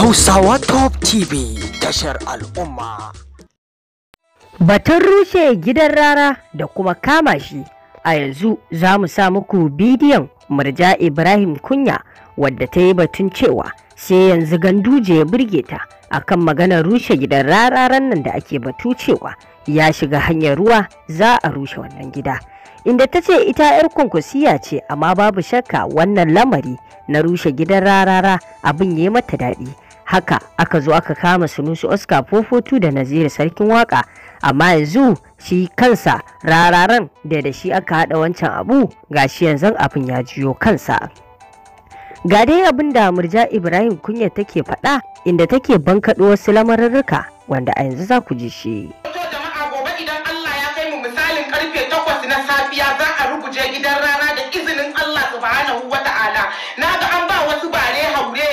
Hausawa Top TV tashar al'umma. Batun rushe gidan rara da kuma kama shi a yanzu za mu sa muku bidiyon murja Ibrahim Kunya wadda ta yi batun cewa sai yanzu ganduje ya burge ta akan maganar rushe gidan rararan nan da ake batu cewa ya shiga hanyar ruwa za a rushe wannan gida. inda ta ce ita 'yar kwankwasiya ce amma babu shakka wannan lamari na rushe gidan rarara abin ya yi mata daɗi haka aka zo aka kama sunusu oscar fofotu da naziri sarkin waka amma yanzu shi kansa rararan da da shi aka haɗa wancan abu ga shi yanzu abin ya jiyo kansa ga dai abin da murja ibrahim kunya take faɗa inda take bankaɗo wasu lamarurruka wanda a yanzu za ku ji shi safiya za a gidan rana da izinin Allah subhanahu wa ta'ala na ga an ba wasu bare haure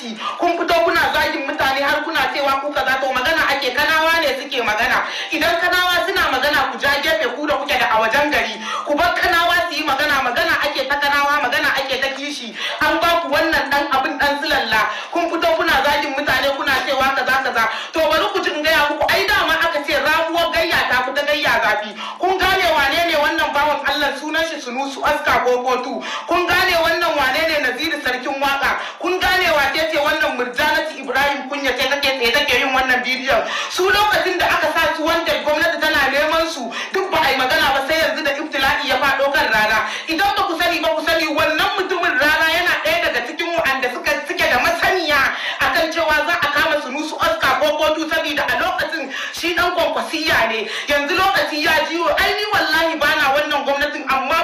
zalunci kun fito kuna zagin mutane har kuna cewa ku kaza to magana ake kanawa ne suke magana idan kanawa suna magana ku ja gefe ku da kuke da a wajen gari ku bar kanawa su yi magana magana ake ta kanawa magana ake ta kishi an ba ku wannan dan abin dan zulalla kun fito kuna zagin mutane kuna cewa kaza kaza to bari ku ji in gaya muku ai dama aka ce ramuwar gayya ta fita gayya zafi kun gane wane ne wannan bawan Allah sunan shi sunusu aska ko kun gane wannan wane ne naziri sarkin waka ya ce wannan murjanati ibrahim kunya ce take tsaye take yin wannan bidiyon su lokacin da aka sa su wanda gwamnati tana neman su duk ba a yi magana ba sai yanzu da iftila'i ya faɗo kan rana idan ba ku sani ba ku sani wannan mutumin rana yana ɗaya daga cikin wa'anda suka suke da masaniya akan cewa za a kama su nusu oscar ko kotu saboda a lokacin shi ɗan kwankwasiya ne yanzu lokaci ya jiwo ai ni wallahi bana wannan gwamnatin amma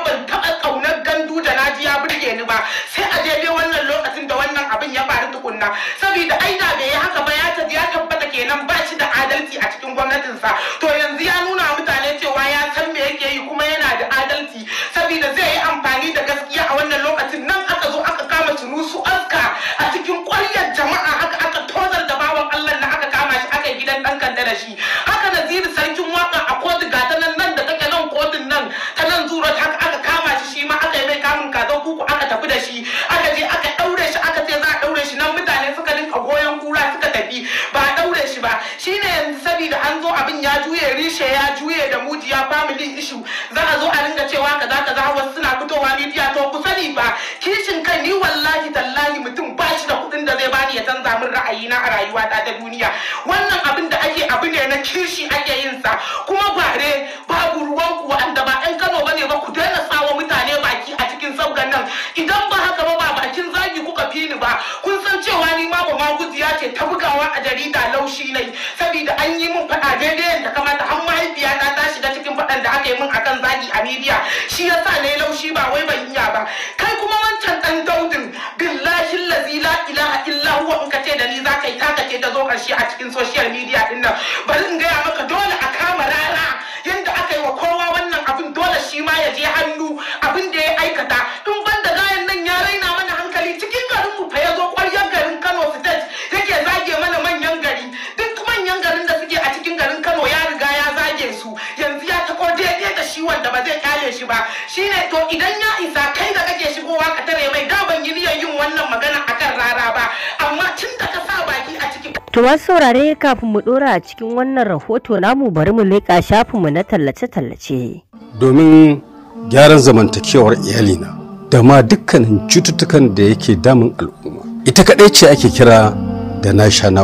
ma'aikata saboda ai da bai yi haka ba ya tabbata kenan ba shi da adalci a cikin gwamnatin sa. mujiya family issue za a zo a ringa cewa kaza kaza wasu suna fitowa media to ku sani ba kishin kai ni wallahi tallahi mutum ba shi da kuɗin da zai bani ya canza min ra'ayina a rayuwa ta duniya wannan abin da ake abu ne na kishi ake yin sa kuma bare babu ruwan ku wa'anda ba 'yan Kano bane ba ku daina sawa mutane baki a cikin saukan nan idan ba haka ba ba bakin zagi kuka fi ni ba kun san cewa ni ma ba ma guziya ce ta bugawa a jarida laushi ne saboda an yi min faɗa daidai faɗan da aka yi min akan zagi a midiya shi ya sa na laushi ba wai ban iya ba kai kuma wancan ɗan daudin billahi lazi la ilaha illa huwa in ka ce da ni za ka yi ka ce ta zo ƙarshe a cikin social media ɗin nan bari in gaya maka shi ba shine to idan ya isa kai da kake shigowa ka tare mai da ban yi niyyar yin wannan magana akan rara ba amma tun da ka sa baki a cikin To wasu saurare kafin mu dora a cikin wannan rahoto namu bari mu leƙa mu na tallace-tallace. Domin gyaran zamantakewar iyali na, da ma dukkanin cututtukan da yake damun al'umma. Ita kadai ce ake kira da na sha na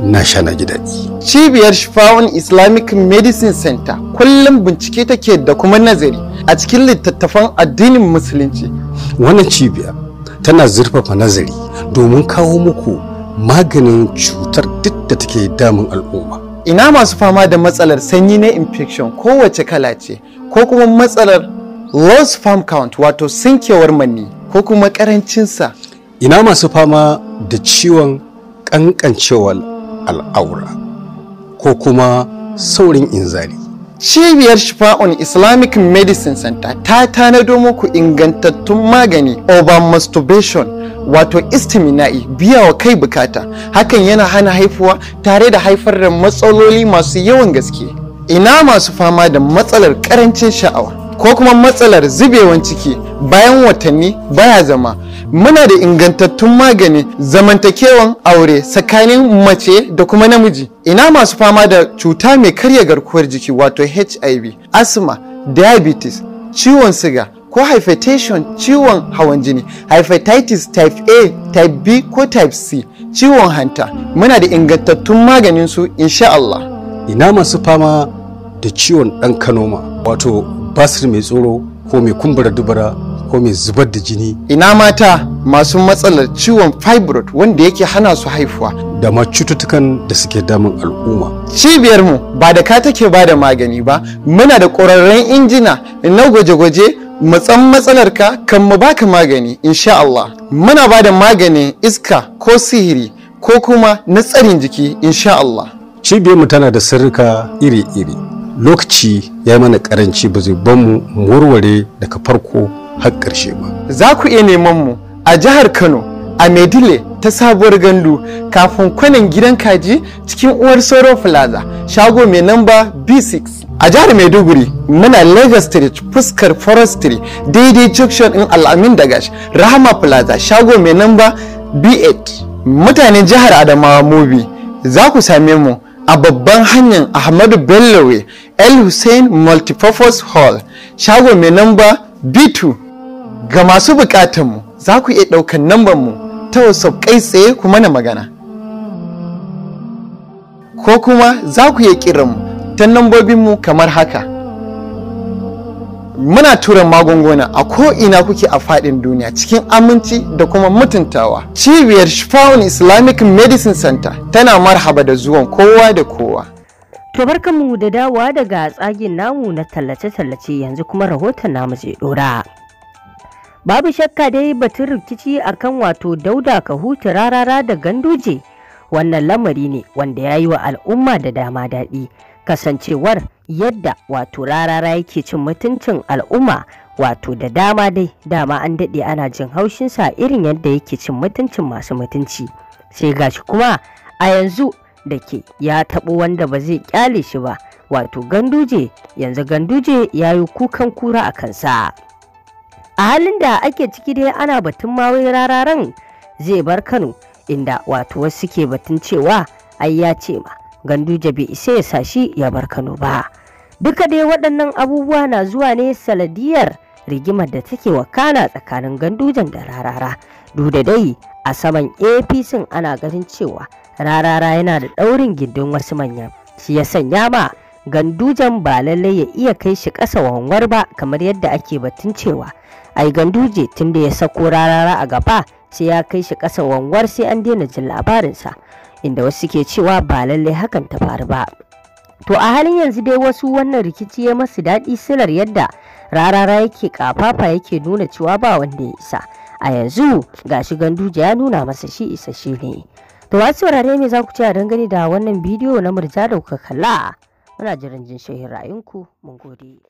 na sha na ji daɗi. Cibiyar Shifawan Islamic Medicine Center kullum bincike take da kuma nazari a cikin littattafan addinin Musulunci. Wannan cibiya tana zurfafa nazari domin kawo muku maganin cutar duk da take damun al'umma. Ina masu fama da matsalar sanyi na infection kowace kala ce ko kuma matsalar lost farm count wato sinkewar manni ko kuma karancinsa. Ina masu fama da ciwon kankancewar al'aura ko kuma saurin inzali. Cibiyar Shifa'un Islamic Medicine Center ta tanado muku ingantattun magani over masturbation wato istimina'i biya wa kai bukata hakan yana hana haifuwa tare da haifar da matsaloli masu yawan gaske ina masu fama da matsalar karancin sha'awa ko kuma matsalar zubewan ciki bayan watanni baya zama muna da ingantattun magani zamantakewan aure tsakanin mace da kuma namiji ina masu fama da cuta mai karya garkuwar jiki wato hiv asma diabetes ciwon siga ko hypertension ciwon hawan jini hepatitis type a type b ko type c ciwon hanta muna da ingantattun maganin su insha Allah ina masu fama da ciwon ɗan kanoma wato basir mai tsoro ko mai kumbura dubara ko mai zubar da jini ina mata masu matsalar ciwon fibroid wanda yake hana su haifuwa da ma cututtukan da suke damun al'umma Cibiyar mu ba da ka take ba da magani ba muna da ƙwararren injina na gwaje-gwaje matsan ka kan mu baka magani insha Allah muna ba da maganin iska ko sihiri ko kuma na tsarin jiki insha Allah cibiyarmu tana da sirrika iri-iri lokaci ya mana karanci ba zai ban mu warware daga farko har ƙarshe ba. Za ku iya neman mu a jihar Kano a Medile ta sabuwar gandu kafin kwanan gidan kaji cikin uwar Soro Plaza shago mai namba B6. A jihar Maiduguri muna Lagos Street fuskar Forestry daidai junction in Al'amin Dagash Rahama Plaza shago mai namba B8. Mutanen jihar Adamawa Mobi za ku same mu a babban hanyar Ahmadu Bellowe El Hussein Multipurpose Hall shago mai namba B2 ga masu bukatanmu za ku iya ɗaukar namban mu ta wasu kai tsaye kuma na magana. Ko kuma za ku iya kiranmu ta nambobinmu kamar haka muna tura magunguna a ko ina kuke a faɗin duniya cikin aminci da kuma mutuntawa cibiyar shifawun islamic medicine center tana marhaba da zuwan kowa da kowa To barkanmu da dawa daga tsagin namu na tallace-tallace yanzu kuma rahoton namu zai dora. Babu shakka dai batun rikici akan wato dauda ka huta rarara da ganduje wannan lamari ne wanda ya yi wa al'umma da dama daɗi. kasancewar yadda wato rarara yake cin mutuncin al'umma wato da dama dai dama an daɗe ana jin haushinsa irin yadda yake cin mutuncin masu mutunci sai gashi kuma a yanzu da ke ya taɓo wanda ba zai kyale shi ba wato ganduje yanzu ganduje ya yi kukan kura a kansa a halin da ake ciki dai ana batun mawai rararan zai bar kano inda wato wasu ke batun cewa ai ya ce ma ganduje bai isa ya sashi ya bar kano ba duka dai waɗannan abubuwa na zuwa ne saladiyar rigimar da take wakana tsakanin gandujan da rarara Duda dai a saman apc ana ganin cewa rarara yana da ɗaurin gindin wasu manyan shi ya sanya ma gandujan ba lallai ya iya kai shi ƙasa wanwar ba kamar yadda ake batun cewa ai ganduje tunda ya sako rarara a gaba sai ya kai shi ƙasa wangwar sai an daina jin labarinsa inda wasu ke cewa ba lallai hakan ta faru ba to a halin yanzu dai wasu wannan rikici ya masu daɗi silar yadda rarara yake kafafa yake nuna cewa ba wanda ya isa a yanzu ga shi ganduja ya nuna masa shi isa shi ne to wasu wurare me za ku ci a dangane da wannan bidiyo na murja da kuka kalla muna jiran jin shahin ra'ayinku mun gode